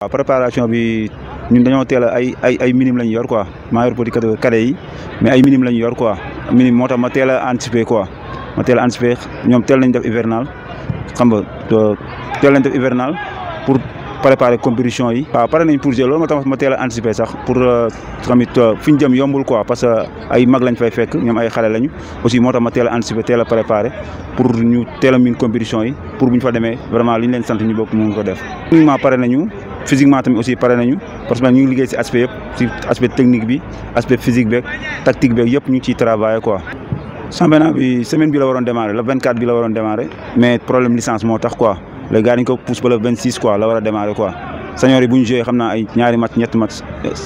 waaw préparation bi ñun dañoo teel ay ay ay minime lañ yor quoi maa yor petit cadet yi mais ay minime lañ yor quoi minime moo tax ma teel a anticiper quoi teel nañ def hivernal xam nga teel nañ def hivernal pour préparer compétition yi. waaw pare nañ pour jël loolu moo tax sax pour tamit euh, euh, fi ñu jëm yombul quoi parce que ay mag lañ fay fekk ñoom ay xale lañu aussi moo tax ma teel a anticiper teel pour ñu teel a miin compétition yi pour bu ñu fa demee vraiment li leen sant ñu bokk mu ngi ko def. pare nañu. physiquement tamit aussi paré nañu parce que ñu liggéey ci aspect yépp ci aspect technique bi aspect physique bi tactique bi yépp ñu ci travailler quoi. championnat bi semaine bi la waron démarrer le 24 bi la waron démarrer mais problème licence motax quoi le gars ñu ko pousse ba le 26 quoi la war démarrer quoi. senior yi bu ñu joué xam ay ñaari match ñetti match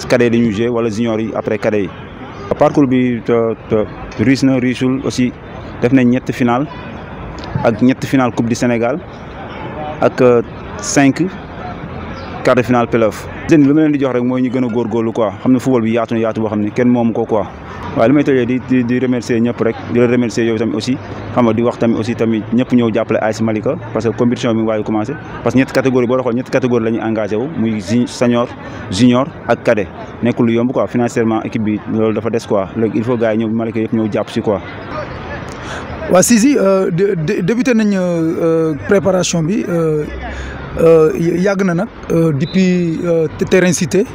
cadets dañu jouer wala junior yi après cadets yi. parcours bi riche na richeul aussi def na ñetti final ak ñetti final coupe du Sénégal ak 5 euh, quart finale play-off ma leen di jox rek mooy ñu gën a góorgóorlu quoi xam ne football bi yaatu na yaatu boo xam ne kenn moomu ko quoi waaye li may tëjee di di ñëpp rek di la remercier tamit aussi xam nga di wax tamit aussi tamit ñëpp ñëw jàppale AS Malika parce que compétition parce que ñetti ñëw Malika yëpp ñëw jàpp si quoi waa Sisi euh, euh, préparation bi euh, Euh, yàgg na nag euh, depuis euh, terrain cité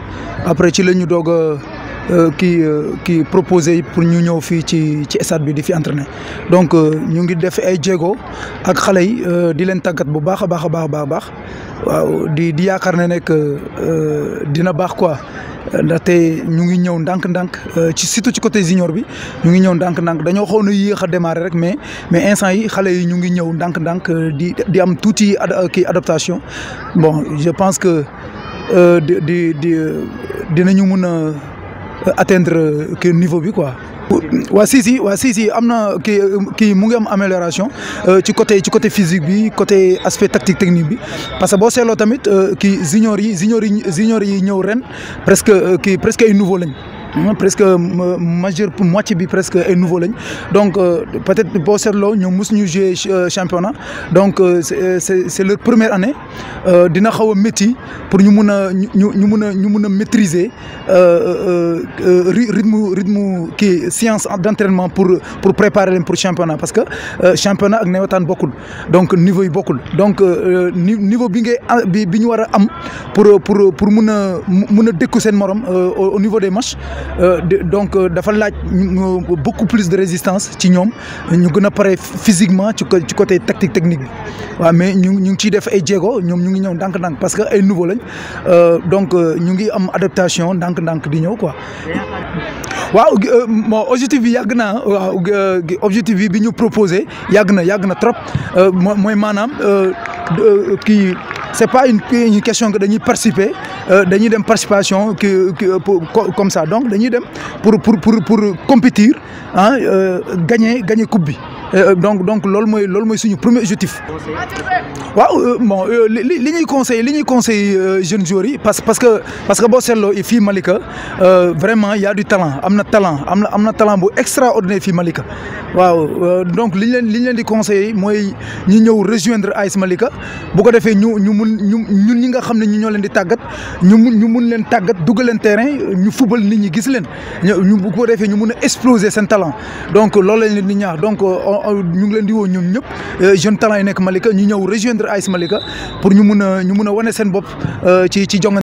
après ci la ñu doog kii kii proposé pour ñu ñëw fii ci ci stade bi di fi entraîné donc euh, ñu ngi def ay jéego ak xale yi euh, di leen tàggat bu baax a baax a baax a baax di di yaakaar ne nekk euh, dina baax quoi. ndaxte ñu ngi ñëw ndànk ndank ci surtout ci côté junior bi ñu ngi ñëw ndànk-ndànk dañoo xaw na yéex a démarrer rek mais mais instant yi xale yi ñu ngi ñëw ndànk-ndànk di di am tuuti kii adaptation bon je pense que di di di dinañu mun a. atteindre le euh, niveau bi quoi. waa si si waa si si am na kii kii am amélioration euh, ci côté ci côté physique bi côté aspect tactique technique bi parce que boo c'est tamit qui euh, junior yi junior yi junior yi ñëw ren presque qui presque ay nouveau lañ. Hein, presque euh, pour moitié bi presque un nouveau lañ donc euh, peut-être que nous ñoom mos ñu jouer euh, championnat donc c'est c'est leur première année dina xaw a métier pour ñu mëna a ñu ñu rythme rythme qui science d'entraînement pour pour préparer le pour championnat parce que championnat ak nawetaan bokul donc niveau yi bokul donc niveau bi ngay ah, bi am pour pour pour mëna mëna mun sen au niveau des matchs Euh, donc euh, dafa laaj euh, beaucoup plus de résistance ci ñoom ñu gën a pare physiquement ci ci côté tactique technique bi waaw mais ñu ñu ngi ciy def ay jéego ñoom ñu ngi ñëw ndànk-ndànk parce que ay nouveau lañ donc ñu ngi am adaptation ndànk-ndànk di ñëw quoi. waaw objectif bi yàgg naa waaw objectif bi bi ñu proposé yàgg na yàgg na trop mooy maanaam. Euh, qui c'est pas une une question que dañuy participer euh, dañuy dem participation que comme ça donc dañuy dem pour pour pour pour compétir ah gagner gagner coupe bi. Euh, donc donc loolu moy loolu moy suñu premier objectif. waaw euh, bon euh, li li ñuy conseillé li ñuy conseillé jeunes joueurs parce parce que parce que bo seetloo fi Malika vraiment il y a du talent amna talent amna amna talent bu extraordinaire fi Malika. waaw donc liñ leen liñ leen di conseiller moy ñu ñëw rejoindre AS Malika bu ko défé ñu ñu mun ñu ñun ñi nga xam ñu ñoo leen di tagat ñu ñu mën leen tagat duggal leen terrain ñu football nit ñi gis leen ñu bu ko défé ñu mun exploser sen talent donc loolu lañ leen di ñaax donc. ñu ngi leen di woo ñoom ñëpp euh, jeune talent yi nekk Malika ñu ñëw rejoindre AS Malika pour ñu mun a ñu mun a wane seen bopp euh, ci ci